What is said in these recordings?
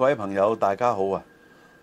各位朋友，大家好啊！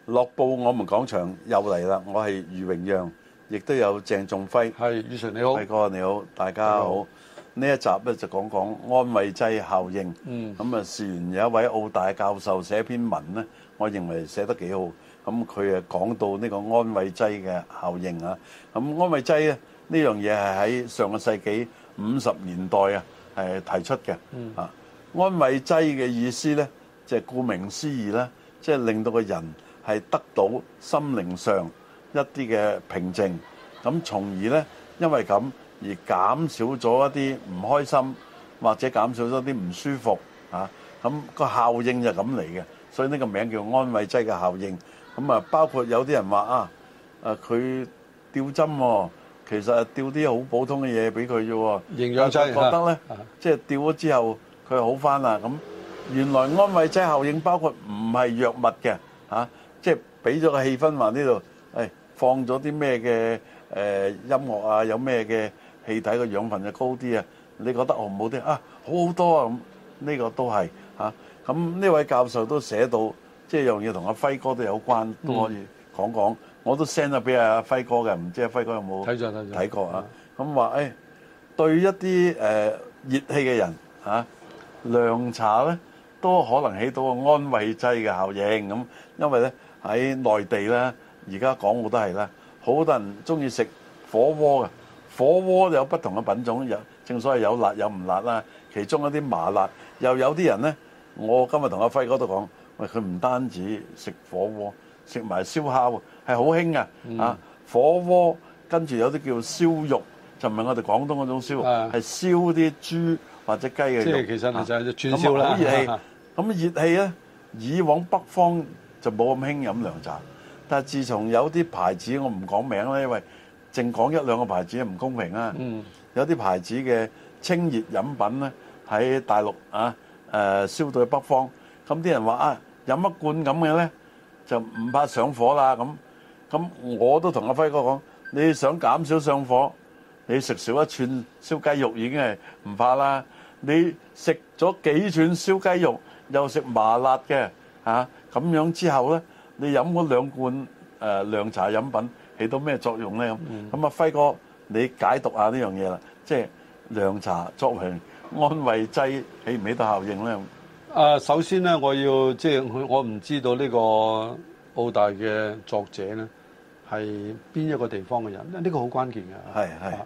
《樂報》我們講場又嚟啦，我係余榮讓，亦都有鄭仲輝。係宇晨你好，大哥你好，大家好。呢、嗯、一集咧就講講安慰劑效應。嗯，咁啊，事源有一位澳大教授寫篇文咧，我認為寫得幾好。咁佢啊講到呢個安慰劑嘅效應啊，咁安慰劑咧呢樣嘢係喺上個世紀五十年代啊，係提出嘅。嗯啊，安慰劑嘅意思咧。即係顧名思義咧，即係令到個人係得到心靈上一啲嘅平靜，咁從而咧，因為咁而減少咗一啲唔開心，或者減少咗啲唔舒服啊，咁個效應就咁嚟嘅，所以呢個名叫安慰劑嘅效應。咁啊，包括有啲人話啊，誒佢吊針喎，其實吊啲好普通嘅嘢俾佢啫，營養劑覺得咧，即係吊咗之後佢好返啦咁。原來安慰劑效應包括唔係藥物嘅嚇，即係俾咗個氣氛話呢度，誒放咗啲咩嘅誒音樂啊，有咩嘅氣體嘅養分就高啲啊？你覺得好唔好啲啊？好好多啊！咁呢個都係嚇。咁呢位教授都寫到，即係樣嘢同阿輝哥都有關，都可以講講。我都 send 咗俾阿輝哥嘅，唔知阿輝哥有冇睇住睇住睇過啊？咁話誒，對一啲誒熱氣嘅人嚇涼茶咧。都可能起到個安慰劑嘅效應咁，因為咧喺內地咧，而家港澳都係啦，好多人中意食火鍋嘅，火鍋有不同嘅品種，有正所謂有辣有唔辣啦，其中一啲麻辣，又有啲人咧，我今日同阿輝哥都講，喂，佢唔單止食火鍋，食埋燒烤，係好興嘅啊！火鍋跟住有啲叫燒肉，就唔係我哋廣東嗰種燒肉，係係、啊、燒啲豬。或者雞嘅，即係其實就係只串燒啦。咁熱氣，咁熱氣咧，以往北方就冇咁興飲涼茶。但係自從有啲牌子，我唔講名啦，因為淨講一兩個牌子唔公平啊。有啲牌子嘅清熱飲品咧，喺大陸啊，誒，燒到去北方，咁啲人話啊，飲一罐咁嘅咧，就唔怕上火啦。咁咁我都同阿輝哥講，你想減少上火，你食少一串燒雞肉已經係唔怕啦。你食咗幾串燒雞肉，又食麻辣嘅嚇，咁樣之後咧，你飲嗰兩罐誒涼茶飲品起到咩作用咧？咁咁啊，輝哥，你解讀下呢樣嘢啦，即係涼茶作為安慰劑起唔起到效應咧？啊，首先咧，我要即係我唔知道呢個澳大嘅作者咧係邊一個地方嘅人，呢個好關鍵嘅。係係，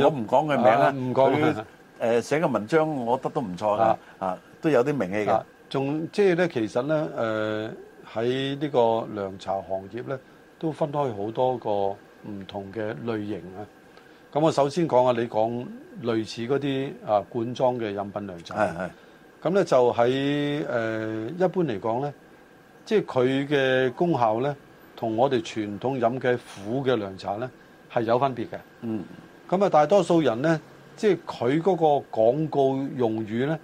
我唔講佢名啦，唔講。誒、呃、寫嘅文章，我覺得都唔錯噶，啊，啊都有啲名氣嘅。仲、啊、即係咧，其實咧，誒喺呢個涼茶行業咧，都分開好多個唔同嘅類型啊。咁、啊、我首先講下你講類似嗰啲啊罐裝嘅飲品涼茶。係咁咧就喺誒、呃、一般嚟講咧，即係佢嘅功效咧，同我哋傳統飲嘅苦嘅涼茶咧係有分別嘅。嗯。咁啊，大多數人咧。即係佢嗰個廣告用語咧，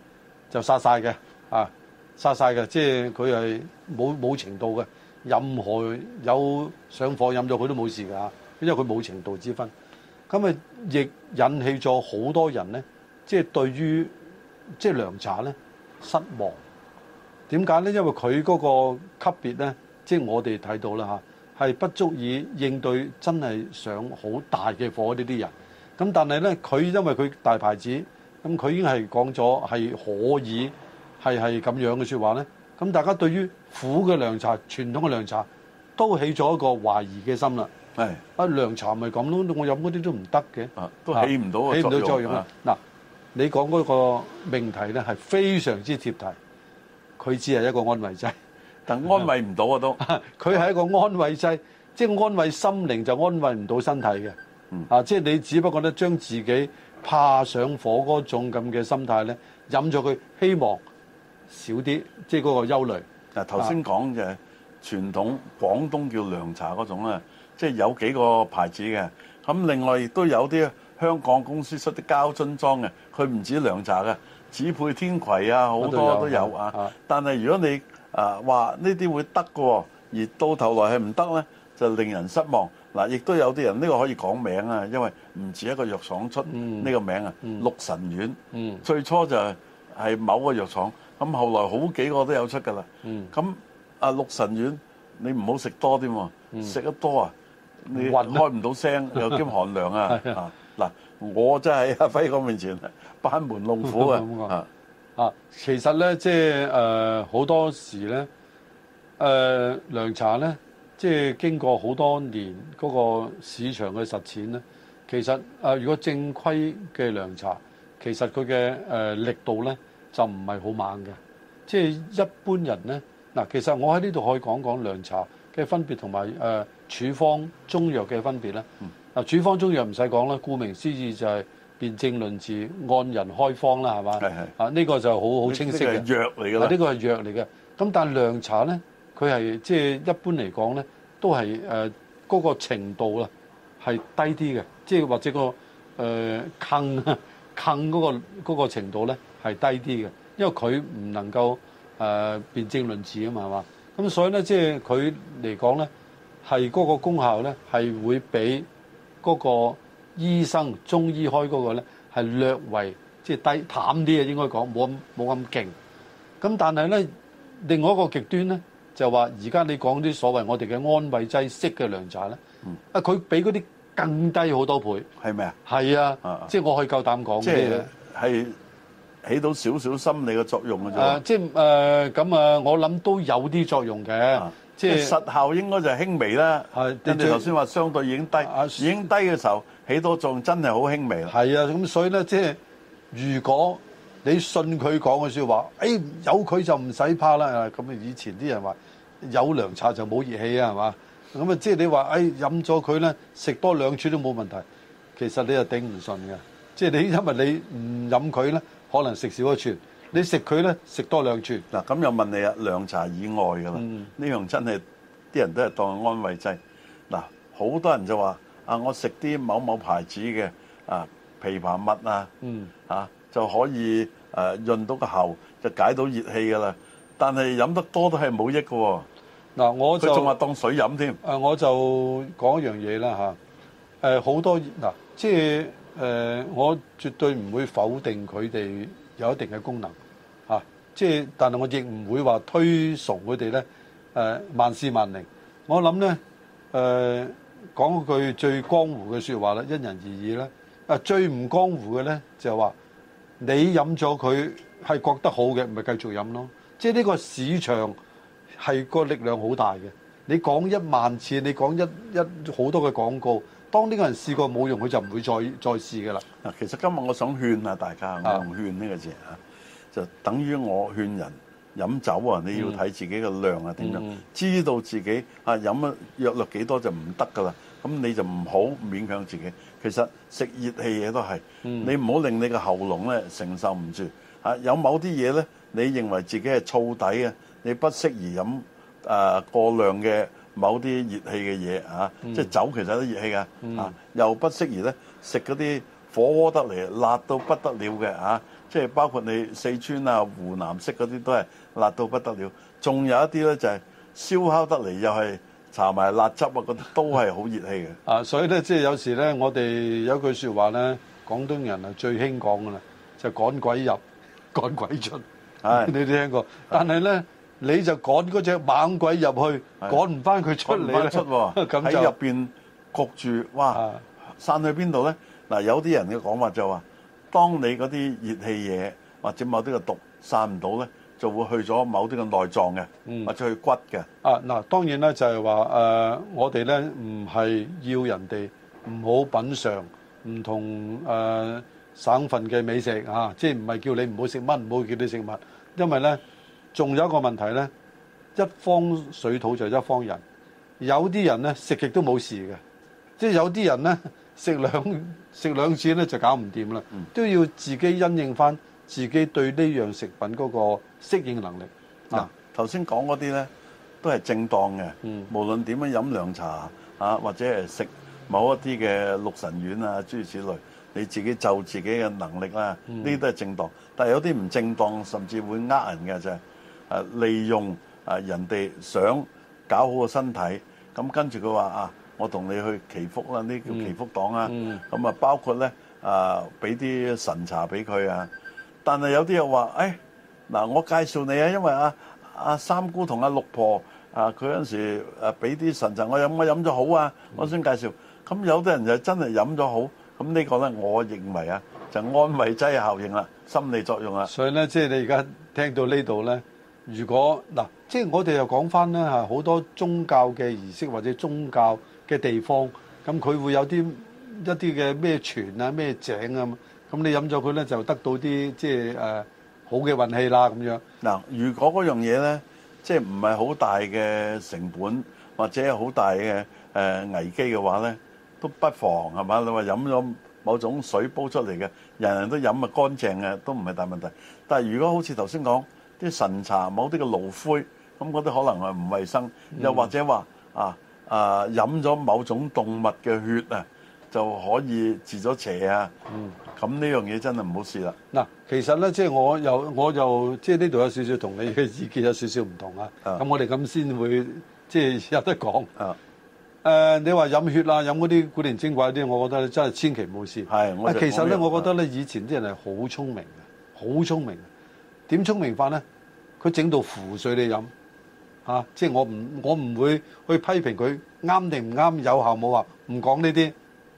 就殺晒嘅啊，殺晒嘅。即係佢係冇冇程度嘅，任何有上火飲咗佢都冇事㗎。因為佢冇程度之分，咁啊亦引起咗好多人咧，即係對於即係涼茶咧失望。點解咧？因為佢嗰個級別咧，即係我哋睇到啦嚇，係不足以應對真係上好大嘅火呢啲人。咁但係咧，佢因為佢大牌子，咁佢已經係講咗係可以，係係咁樣嘅說話咧。咁大家對於苦嘅涼茶、傳統嘅涼茶，都起咗一個懷疑嘅心啦。係、哎，啊涼茶咪咁咯，我飲嗰啲都唔得嘅。啊啊、都起唔到起唔到作用，作用啊！嗱、啊，你講嗰個命題咧係非常之貼題，佢只係一個安慰劑，但安慰唔到我都。佢係、啊、 一個安慰劑，啊、即係安慰心靈就安慰唔到身體嘅。啊！即係你只不過咧，將自己怕上火嗰種咁嘅心態呢飲咗佢，希望少啲即係嗰個憂慮。嗱、啊，頭先講嘅傳統廣東叫涼茶嗰種咧，即係有幾個牌子嘅。咁、啊、另外亦都有啲香港公司出啲膠樽裝嘅，佢唔止涼茶嘅，只配天葵啊，好多都有、啊、都有啊。啊但係如果你啊話呢啲會得㗎，而到頭來係唔得呢，就令人失望。嗱，亦都有啲人呢、呢個可以講名啊，因為唔止一個藥廠出呢、嗯、個名啊，六、嗯、神丸。嗯、最初就係某個藥廠，咁後來好幾個都有出噶啦。咁啊、嗯，六神丸你唔好食多啲喎，食得、嗯、多啊，你開唔到聲暈、啊、又兼寒涼啊。嗱 是、啊啊，我真係阿輝哥面前班門弄斧、嗯嗯嗯、啊。啊，其實咧，即係誒好多時咧，誒、呃、涼茶咧。即係經過好多年嗰、那個市場嘅實踐咧，其實啊、呃，如果正規嘅涼茶，其實佢嘅誒力度咧就唔係好猛嘅。即係一般人咧，嗱，其實我喺呢度可以講講涼茶嘅分別同埋誒處方中藥嘅分別啦。嗱，處方中藥唔使講啦，顧名思義就係辨證論治、按人開方啦，係嘛？係係。啊，呢、這個就好好清晰嘅。呢個係藥嚟㗎啦。呢個係藥嚟嘅。咁但係涼茶咧？佢係即係一般嚟講咧，都係誒嗰個程度啦，係低啲嘅。即係或者、嗰個誒坑啊，坑、呃、嗰、嗰個嗰個程度咧係低啲嘅，因為佢唔能夠誒辯證論治啊嘛，係嘛？咁，所以咧即係佢嚟講咧係嗰個功效咧係會比嗰個醫生中醫開嗰個咧係略為即係、即係、低淡啲嘅，應該講冇冇咁勁。咁但係咧，另外一個極端咧。就話而家你講啲所謂我哋嘅安慰劑式嘅涼茶咧，啊佢、嗯、比嗰啲更低好多倍，係咪啊？係啊，即係我可以夠膽講嘅，係、啊、起到少少心理嘅作用嘅啫、啊。即係誒咁啊，我諗都有啲作用嘅，即係實效應該就係輕微啦。因為、啊、你頭先話相對已經低，啊、已經低嘅時候起到作用真係好輕微啦。係啊，咁、嗯、所以咧，即係如果。你信佢講嘅說話，誒、哎、有佢就唔使怕啦。咁、嗯、啊，以前啲人話有涼茶就冇熱氣啊，係嘛？咁、嗯、啊，即係你話，誒飲咗佢咧，食多兩串都冇問題。其實你又頂唔順嘅，即係你因為你唔飲佢咧，可能食少一串；你食佢咧，食多兩串。嗱、嗯，咁、嗯、又問你啊，涼茶以外㗎啦，呢樣真係啲人都係當安慰劑。嗱、嗯，好多人就話啊，我食啲某某牌子嘅啊枇杷乜啊，啊。就可以誒潤到個喉，就解到熱氣㗎啦。但係飲得多都係冇益㗎喎。嗱，我就佢仲話當水飲添、呃。我就講一樣嘢啦嚇。好多嗱，即係誒、呃，我絕對唔會否定佢哋有一定嘅功能、啊、即係，但係我亦唔會話推崇佢哋咧。誒、呃，萬事萬靈，我諗咧誒，講、呃、句最江湖嘅說話啦，因人而異啦。啊，最唔江湖嘅咧，就係話。你飲咗佢係覺得好嘅，咪繼續飲咯。即係呢個市場係個力量好大嘅。你講一萬次，你講一一好多嘅廣告，當呢個人試過冇用，佢就唔會再再試㗎啦。嗱，其實今日我想勸啊大家，我用勸呢個字是、啊、就等於我勸人飲酒啊，你要睇自己嘅量啊點樣，嗯、知道自己啊飲啊約略幾多就唔得㗎啦。咁你就唔好勉強自己。其實食熱氣嘢都係，你唔好令你個喉嚨咧承受唔住。嚇，有某啲嘢咧，你認為自己係燥底嘅，你不適宜飲誒過量嘅某啲熱氣嘅嘢嚇。即係酒其實都熱氣啊，嗱，又不適宜咧食嗰啲火鍋得嚟辣到不得了嘅嚇。即係包括你四川啊、湖南式嗰啲都係辣到不得了。仲有一啲咧就係燒烤得嚟又係。搽埋辣汁啊，嗰啲都係好熱氣嘅。啊，所以咧，即係有時咧，我哋有句說話咧，廣東人啊最興講嘅啦，就趕鬼入，趕鬼出。係，你都聽過。但係咧，你就趕嗰隻猛鬼入去，趕唔翻佢出嚟咧。唔翻出喎，咁喺入邊焗住。哇！散去邊度咧？嗱，有啲人嘅講法就話，當你嗰啲熱氣嘢或者某啲嘅毒散唔到咧。就會去咗某啲嘅內臟嘅，嗯、或者去骨嘅。啊嗱，當然咧就係話誒，我哋咧唔係要人哋唔好品嚐唔同誒、呃、省份嘅美食啊，即係唔係叫你唔好食乜，唔好叫你食乜，因為咧仲有一個問題咧，一方水土就一方人，有啲人咧食極都冇事嘅，即係有啲人咧食兩食兩次咧就搞唔掂啦，嗯、都要自己因應翻。自己對呢樣食品嗰個適應能力，嗱頭先講嗰啲呢都係正當嘅，無論點樣飲涼茶啊，或者係食某一啲嘅六神丸啊諸如此類，你自己就自己嘅能力啦，呢啲都係正當。但係有啲唔正當，甚至會呃人嘅就係誒利用誒人哋想搞好個身體，咁跟住佢話啊，我同你去祈福啦，呢叫祈福黨啊，咁啊包括呢誒俾啲神茶俾佢啊。但係有啲又話，誒、哎，嗱，我介紹你啊，因為阿、啊、阿、啊、三姑同阿、啊、六婆啊，佢嗰陣時誒俾啲神神，我飲我飲咗好啊，我想介紹。咁、嗯嗯、有啲人就真係飲咗好，咁呢個咧，我認為啊，就安慰劑效應啦，心理作用啊。所以咧，即係你而家聽到呢度咧，如果嗱，即係我哋又講翻咧嚇好多宗教嘅儀式或者宗教嘅地方，咁佢會有啲一啲嘅咩泉啊、咩井啊。咁你飲咗佢咧，就得到啲即係好嘅運氣啦咁樣。嗱，如果嗰樣嘢咧，即係唔係好大嘅成本，或者好大嘅危機嘅話咧，都不妨係嘛？你話飲咗某種水煲出嚟嘅，人人都飲咪乾淨嘅，都唔係大問題。但係如果好似頭先講啲神茶某啲嘅爐灰，咁嗰啲可能係唔衞生，又或者話、嗯、啊啊飲咗某種動物嘅血啊。就可以治咗邪啊！嗯，咁呢樣嘢真係唔好試啦。嗱，其實咧，即係我又我又即係呢度有少少同你嘅意見有少少唔同啊。咁的我哋咁先會即係有得講。啊的，呃，你話飲血啊，飲嗰啲古靈精怪啲，我覺得真係千祈唔好試。係，其實咧，我覺得咧，的以前啲人係好聰明嘅，好聰明，點聰明法咧，佢整到符水你飲啊！即係我唔我唔會去批評佢啱定唔啱，有效冇啊，唔講呢啲。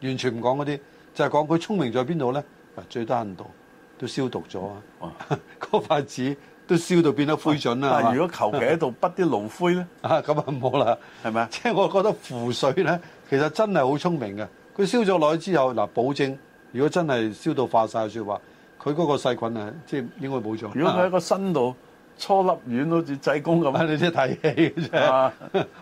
完全唔講嗰啲，就係講佢聰明在邊度咧？嗱，最低限度都消毒咗啊！嗰 塊紙都燒到變得灰燼啦。啊、如果求其喺度筆啲爐灰咧，咁啊唔好啦，係咪啊？吧即係我覺得符水咧，其實真係好聰明嘅。佢燒咗落去之後，嗱，保證，如果真係燒到化晒嘅説話，佢嗰個細菌啊，即係應該保障。如果佢喺個身度。 搓粒丸好似濟公咁樣，你你啲睇戲嘅啫。啊、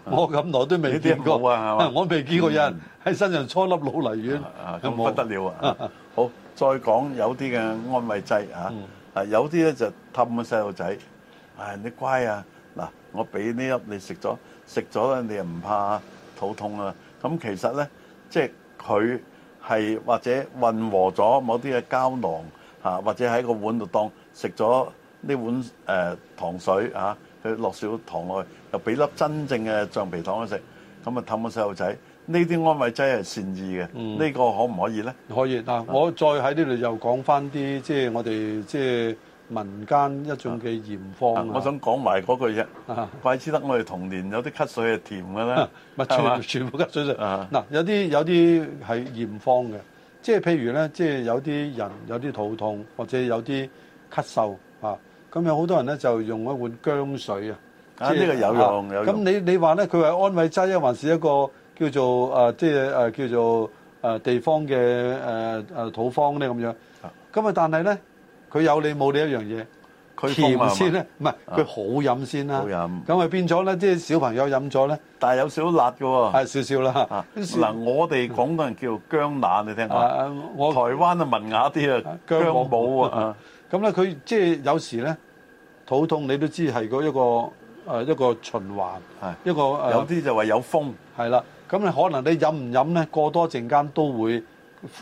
我咁耐都未聽過，啊、我未見過人喺身上搓粒老泥丸，咁、啊啊、不得了啊！啊好，再講有啲嘅安慰劑啊，啊有啲咧就氹個細路仔，唉、嗯哎、你乖啊，嗱我俾呢粒你食咗，食咗咧你又唔怕肚痛啊？咁其實咧，即係佢係或者混和咗某啲嘅膠囊，或者喺個碗度當食咗。呢碗誒、呃、糖水啊，佢落少糖落去，又俾粒真正嘅橡皮糖去食，咁啊氹個細路仔。呢啲安慰劑係善意嘅，呢、嗯、個可唔可以咧？可以嗱、啊，我再喺呢度又講翻啲，即係我哋即係民間一種嘅驗方。啊啊、我想講埋嗰句嘢，啊、怪之得我哋童年有啲咳水係甜嘅啦，係嘛、啊啊？全部咳水就嗱，有啲有啲係驗方嘅，即係譬如咧，即係有啲人有啲肚痛，或者有啲咳嗽啊。咁有好多人咧就用一碗薑水啊，呢個有用有。咁你你話咧佢係安慰劑啊，還是一個叫做即係叫做地方嘅土方咧咁樣。咁啊但係咧佢有你冇你一樣嘢，佢甜先咧，唔係佢好飲先啦。好飲。咁啊變咗咧，即係小朋友飲咗咧，但係有少少辣㗎喎。係少少啦。嗱我哋廣東人叫薑乸你聽我，台灣啊文雅啲啊薑母啊。咁咧，佢即係有時咧，肚痛你都知係嗰一個、呃、一個循環，的一個、呃、有啲就話有風，係啦。咁你可能你飲唔飲咧？過多陣間都會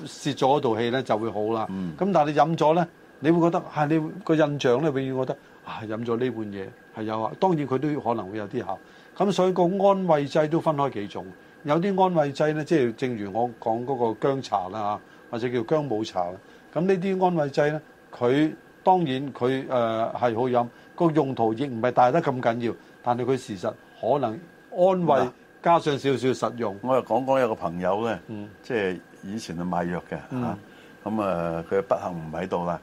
泄咗嗰道氣咧，就會好啦。咁、嗯、但你飲咗咧，你會覺得係、啊、你個印象咧，永遠覺得啊飲咗呢碗嘢係有啊。當然佢都可能會有啲效。咁所以個安慰劑都分開幾種，有啲安慰劑咧，即係正如我講嗰個薑茶啦，或者叫薑母茶啦。咁呢啲安慰劑咧，佢當然佢誒係好飲，個用途亦唔係大得咁緊要，但係佢事實可能安慰是加上少少實用。我又講講有一個朋友咧，即係、嗯、以前係賣藥嘅嚇，咁、嗯、啊佢不幸唔喺度啦。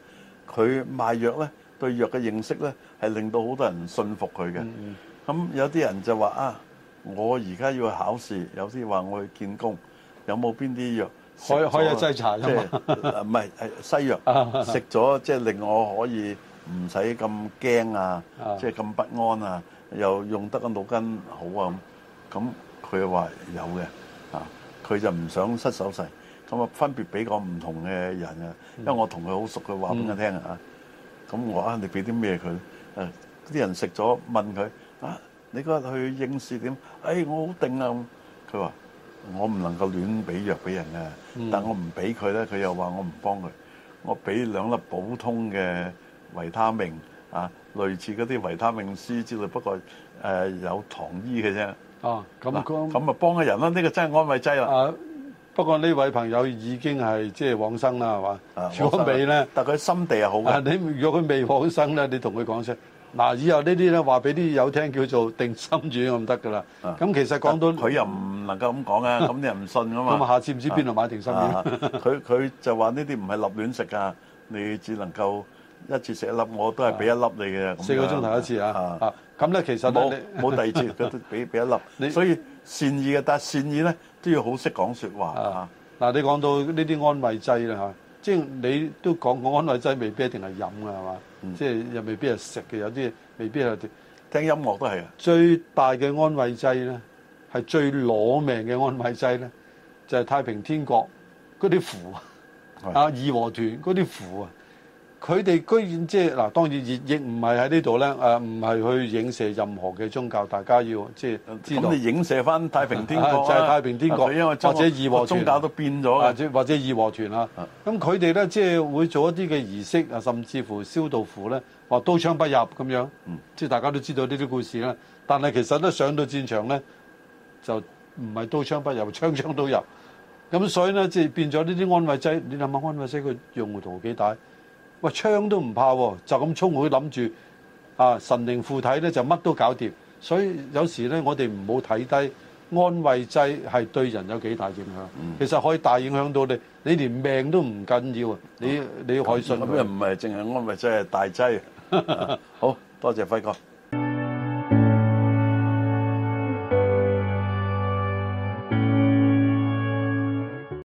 佢賣藥咧，對藥嘅認識咧係令到好多人信服佢嘅。咁、嗯、有啲人就話啊，我而家要去考試，有啲話我去見工，有冇邊啲藥？可以可以一劑茶，即係唔係係西藥食咗，即係令我可以唔使咁驚啊，即係咁不安啊，又用得個腦筋好啊咁。咁佢話有嘅，啊，佢就唔想失手勢。咁啊，分別俾個唔同嘅人啊，因為我同佢好熟，佢話俾我聽啊。咁我啊，你俾啲咩佢？誒啲人食咗問佢啊，你嗰日去應試點？誒我好定啊！佢話。我唔能夠亂俾藥俾人啊！但我唔俾佢咧，佢又話我唔幫佢。我俾兩粒普通嘅維他命啊，類似嗰啲維他命 C 之類，不過誒、呃、有糖衣嘅啫。啊咁咁咁啊，啊幫個人啦，呢、呢個真係安慰劑啦。啊，不過呢位朋友已經係即係往生啦，係嘛？啊，了啊，如果未咧，但佢心地係好。啊，你如果佢未往生咧，你同佢講聲。嗱，以後呢啲咧話俾啲友聽叫做定心丸咁得噶啦。咁其實講到佢又唔能夠咁講啊，咁你又唔信噶嘛。咁下次唔知邊度買定心丸。佢佢就話呢啲唔係立亂食噶，你只能夠一次食一粒，我都係俾一粒你嘅。四個鐘頭一次啊。咁咧其實冇冇第二次俾俾一粒。所以善意嘅，但係善意咧都要好識講說話啊。嗱，你講到呢啲安慰劑啦嚇即係你都講過安慰劑，未必一定係飲嘅係嘛？是嗯、即係又未必係食嘅，有啲未必係聽音樂都係啊！最大嘅安慰劑咧，係最攞命嘅安慰劑咧，就係、是、太平天國嗰啲符的啊，啊義和團嗰啲符啊！佢哋居然即係嗱，當然亦唔係喺呢度咧，誒唔係去影射任何嘅宗教，大家要即係知道。咁你影射翻太平天國，就係太平天國，因為或者義和團。宗教都變咗，或者義和團啊。咁佢哋咧即係會做一啲嘅儀式啊，甚至乎燒道符咧，話刀槍不入咁樣。即係大家都知道呢啲故事啦。但係其實咧上到戰場咧，就唔係刀槍不入，槍槍都入。咁所以咧即係變咗呢啲安慰劑。你諗下安慰劑佢用途幾大？喂，槍都唔怕喎，就咁衝佢諗住，啊神靈附體咧就乜都搞掂，所以有時咧我哋唔好睇低安慰劑係對人有幾大影響，嗯、其實可以大影響到你，你連命都唔緊要啊！你你害信。咁又唔係淨係安慰劑係大劑， 啊、好多謝輝哥。